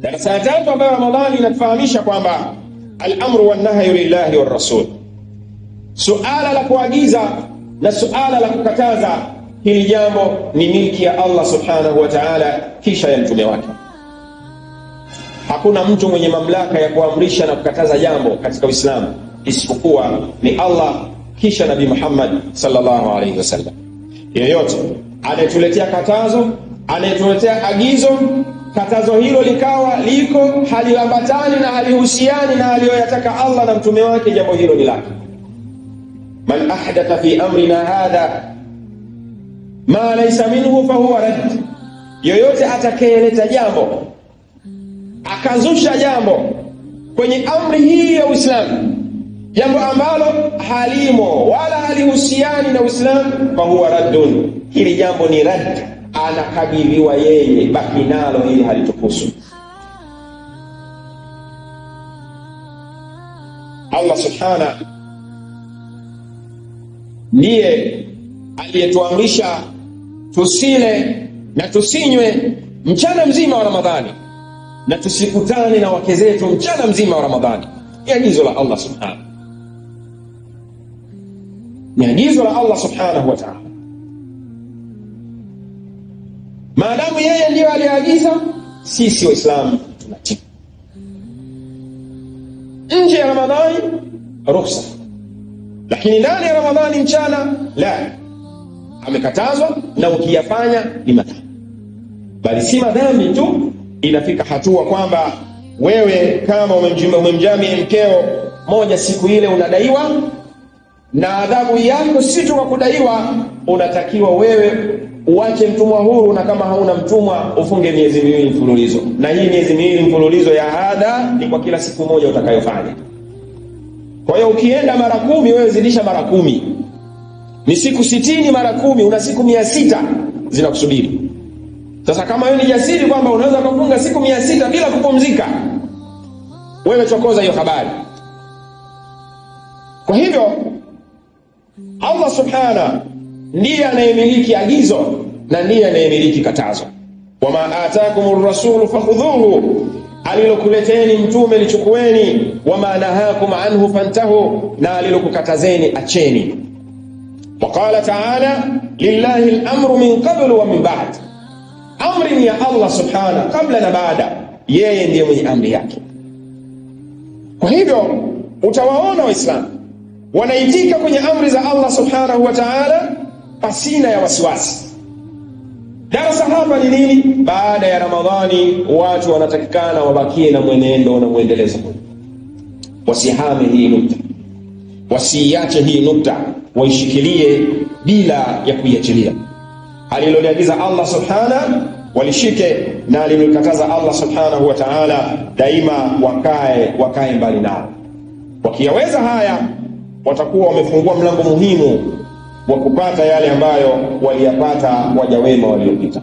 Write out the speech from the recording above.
Darasa ya tatu ambayo Ramadhani inatufahamisha kwamba al-amru wan nahyu lillahi war rasul, suala la kuagiza na suala la kukataza, hili jambo ni milki ya Allah subhanahu wa ta'ala, kisha ya mtume wake. Hakuna mtu mwenye mamlaka ya kuamrisha na kukataza jambo katika Uislamu isipokuwa ni Allah, kisha Nabii Muhammad sallallahu alaihi wasallam. Yeyote anayetuletea katazo, anayetuletea agizo katazo hilo likawa liko haliambatani na halihusiani na aliyoyataka Allah na mtume wake, jambo hilo ni lake. Man ahdatha fi amrina hadha ma laysa minhu fahuwa radd, yoyote atakayeleta jambo akazusha jambo kwenye amri hii ya Uislamu, jambo ambalo halimo wala halihusiani na Uislamu, fahuwa raddun, hili jambo ni radd anakabidhiwa yeye, baki nalo ili halitukusu. Allah subhana ndiye aliyetuamrisha tusile na tusinywe mchana mzima wa Ramadhani na tusikutane na wake zetu mchana mzima wa Ramadhani. Ni agizo la Allah subhana ni agizo la Allah subhanahu wa ta'ala. Maadamu yeye ndiyo aliyoagiza, sisi Waislamu tunatii. Nje ya Ramadhani ruhusa, lakini ndani ya Ramadhani mchana la amekatazwa, na ukiyafanya ni madhambi. Bali si madhambi tu, inafika hatua kwamba wewe kama umemjami mkeo moja siku ile unadaiwa, na adhabu yako si tu kwa kudaiwa, unatakiwa wewe uache mtumwa huru, na kama hauna mtumwa ufunge miezi miwili mfululizo. Na hii miezi miwili mfululizo ya hadha ni kwa kila siku moja utakayofanya. Kwa hiyo ukienda mara kumi, wewe zidisha mara kumi, ni siku sitini mara kumi, una siku mia sita zinakusubiri. Sasa kama wewe ni jasiri kwamba unaweza kufunga siku mia sita bila kupumzika, wewe chokoza hiyo habari. Kwa hivyo Allah subhana ndiye anayemiliki agizo na ndiye anayemiliki katazo. Wama atakum rasulu fakhudhuhu, alilokuleteni mtume lichukueni. Wama nahakum anhu fantahu, na alilokukatazeni acheni. Waqala taala lillahi lamru min qablu wa min ba'd, amri ni ya Allah subhanahu, kabla na baada, yeye ndiye mwenye amri yake. Kwa hivyo utawaona Waislamu wanaitika kwenye amri za Allah subhanahu wa taala pasina ya wasiwasi. Darasa hapa ni nini? Baada ya Ramadhani watu wanatakikana wabakie na mwenendo na mwendelezo, wasihame hii nukta, wasiiache hii nukta, waishikilie bila ya kuiachilia. Aliloliagiza Allah subhana walishike, na alimkataza Allah subhanahu wa ta'ala daima wakae, wakae mbali nao. Wakiyaweza haya, watakuwa wamefungua mlango muhimu wa kupata yale ambayo waliyapata waja wema waliopita.